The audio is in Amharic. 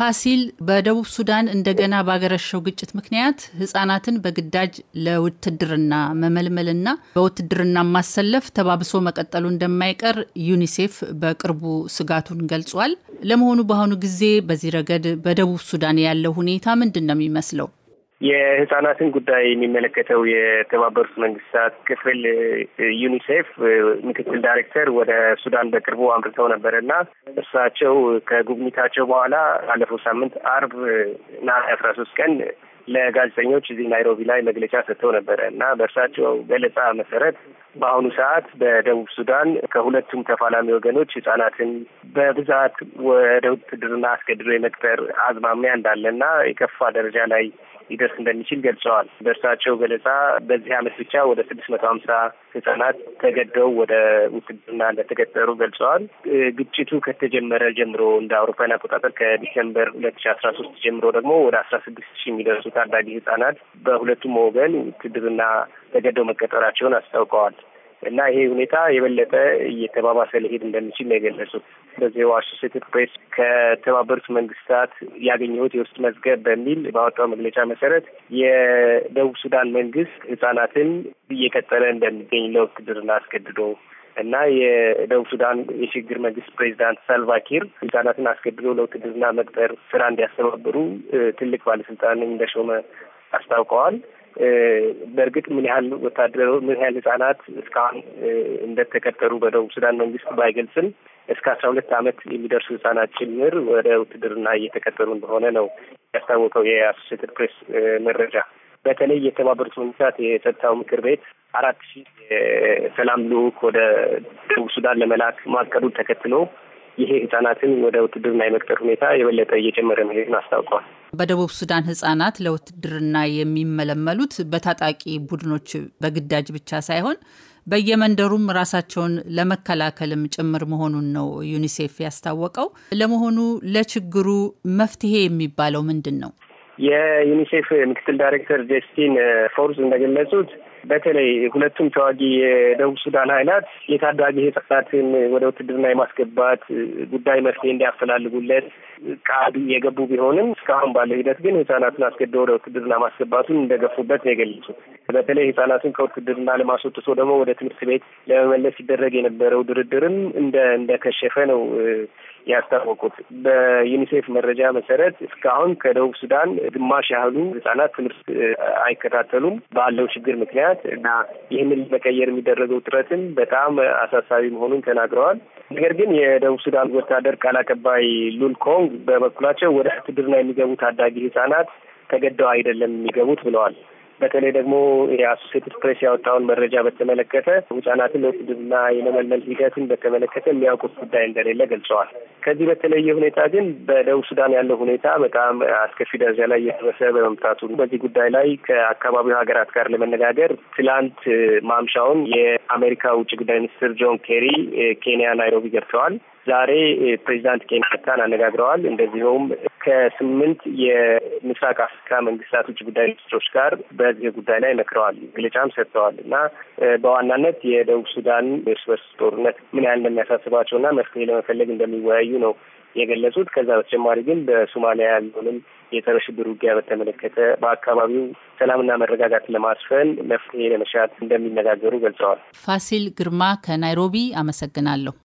ፋሲል በደቡብ ሱዳን እንደገና ባገረሸው ግጭት ምክንያት ህጻናትን በግዳጅ ለውትድርና መመልመልና በውትድርና ማሰለፍ ተባብሶ መቀጠሉ እንደማይቀር ዩኒሴፍ በቅርቡ ስጋቱን ገልጿል። ለመሆኑ በአሁኑ ጊዜ በዚህ ረገድ በደቡብ ሱዳን ያለው ሁኔታ ምንድን ነው የሚመስለው? የህጻናትን ጉዳይ የሚመለከተው የተባበሩት መንግስታት ክፍል ዩኒሴፍ ምክትል ዳይሬክተር ወደ ሱዳን በቅርቡ አምርተው ነበረና እሳቸው ከጉብኝታቸው በኋላ ባለፈው ሳምንት አርብ ነሐሴ አስራ ሶስት ቀን ለጋዜጠኞች እዚህ ናይሮቢ ላይ መግለጫ ሰጥተው ነበረ እና በእርሳቸው ገለጻ መሰረት በአሁኑ ሰዓት በደቡብ ሱዳን ከሁለቱም ተፋላሚ ወገኖች ህጻናትን በብዛት ወደ ውትድርና አስገድዶ የመቅጠር አዝማሚያ እንዳለና የከፋ ደረጃ ላይ ሊደርስ እንደሚችል ገልጸዋል። በእርሳቸው ገለጻ በዚህ ዓመት ብቻ ወደ ስድስት መቶ ሀምሳ ህጻናት ተገደው ወደ ውትድርና እንደተገጠሩ ገልጸዋል። ግጭቱ ከተጀመረ ጀምሮ እንደ አውሮፓውያን አቆጣጠር ከዲሰምበር ሁለት ሺ አስራ ሶስት ጀምሮ ደግሞ ወደ አስራ ስድስት ሺ የሚደርሱ ታዳጊ ህጻናት በሁለቱም ወገን ውትድርና ተገደው መቀጠራቸውን አስታውቀዋል። እና ይሄ ሁኔታ የበለጠ እየተባባሰ ሊሄድ እንደሚችል ነው የገለጹት። በዚህ አሶሴትድ ፕሬስ ከተባበሩት መንግስታት ያገኘሁት የውስጥ መዝገብ በሚል ባወጣው መግለጫ መሰረት የደቡብ ሱዳን መንግስት ህጻናትን እየቀጠለ እንደሚገኝ ለውትድርና አስገድዶ እና የደቡብ ሱዳን የሽግግር መንግስት ፕሬዚዳንት ሳልቫኪር ህጻናትን አስገድዶ ለውትድርና መቅጠር ስራ እንዲያስተባብሩ ትልቅ ባለስልጣን እንደሾመ አስታውቀዋል። በእርግጥ ምን ያህል ወታደሮ ምን ያህል ህጻናት እስካሁን እንደተቀጠሩ በደቡብ ሱዳን መንግስት ባይገልጽም እስከ አስራ ሁለት አመት የሚደርሱ ህጻናት ጭምር ወደ ውትድርና እየተቀጠሩ እንደሆነ ነው ያስታወቀው የአሶሴትድ ፕሬስ መረጃ። በተለይ የተባበሩት መንግስታት የጸጥታው ምክር ቤት አራት ሺህ ሰላም ልዑክ ወደ ደቡብ ሱዳን ለመላክ ማቀዱን ተከትሎ ይሄ ህጻናትን ወደ ውትድርና የመቅጠር ሁኔታ የበለጠ እየጨመረ መሄድን አስታውቀዋል። በደቡብ ሱዳን ህጻናት ለውትድርና የሚመለመሉት በታጣቂ ቡድኖች በግዳጅ ብቻ ሳይሆን በየመንደሩም ራሳቸውን ለመከላከልም ጭምር መሆኑን ነው ዩኒሴፍ ያስታወቀው። ለመሆኑ ለችግሩ መፍትሄ የሚባለው ምንድን ነው? የዩኒሴፍ ምክትል ዳይሬክተር ጀስቲን ፎርስ እንደገለጹት በተለይ ሁለቱም ተዋጊ የደቡብ ሱዳን ኃይላት የታዳጊ ህጻናትን ወደ ውትድርና የማስገባት ጉዳይ መፍትሄ እንዲያፈላልጉለት ቃል የገቡ ቢሆንም እስካሁን ባለው ሂደት ግን ህጻናቱን አስገድዶ ወደ ውትድርና ማስገባቱን እንደገፉበት ነው የገለጹት። በተለይ ህጻናትን ከውትድርና ለማስወጥቶ ደግሞ ወደ ትምህርት ቤት ለመመለስ ሲደረግ የነበረው ድርድርም እንደ እንደከሸፈ ነው ያስታወቁት። በዩኒሴፍ መረጃ መሰረት እስካሁን ከደቡብ ሱዳን ግማሽ ያህሉ ህጻናት ትምህርት አይከታተሉም ባለው ችግር ምክንያት እና ይህንን ለመቀየር የሚደረገው ጥረትም በጣም አሳሳቢ መሆኑን ተናግረዋል። ነገር ግን የደቡብ ሱዳን ወታደር ቃል አቀባይ ሉል ኮንግ በበኩላቸው ወደ ውትድርና የሚገቡ ታዳጊ ህጻናት ተገደው አይደለም የሚገቡት ብለዋል። በተለይ ደግሞ የአሶሴትድ ፕሬስ ያወጣውን መረጃ በተመለከተ ህጻናትን ለውትድርና የመመልመል ሂደትን በተመለከተ የሚያውቁት ጉዳይ እንደሌለ ገልጸዋል። ከዚህ በተለየ ሁኔታ ግን በደቡብ ሱዳን ያለው ሁኔታ በጣም አስከፊ ደረጃ ላይ እየደረሰ በመምጣቱ በዚህ ጉዳይ ላይ ከአካባቢው ሀገራት ጋር ለመነጋገር ትላንት ማምሻውን የአሜሪካ ውጭ ጉዳይ ሚኒስትር ጆን ኬሪ ኬንያ ናይሮቢ ገብተዋል። ዛሬ ፕሬዚዳንት ኬንያታን አነጋግረዋል። እንደዚሁም ከስምንት የምስራቅ አፍሪካ መንግስታት ውጭ ጉዳይ ሚኒስትሮች ጋር በዚህ ጉዳይ ላይ መክረዋል፣ መግለጫም ሰጥተዋል እና በዋናነት የደቡብ ሱዳን እርስ በርስ ጦርነት ምን ያህል እንደሚያሳስባቸውና መፍትሄ ለመፈለግ እንደሚወያዩ ነው የገለጹት። ከዛ በተጨማሪ ግን በሶማሊያ ያለውንም የጸረ ሽብር ውጊያ በተመለከተ በአካባቢው ሰላምና መረጋጋት ለማስፈን መፍትሄ ለመሻት እንደሚነጋገሩ ገልጸዋል። ፋሲል ግርማ ከናይሮቢ አመሰግናለሁ።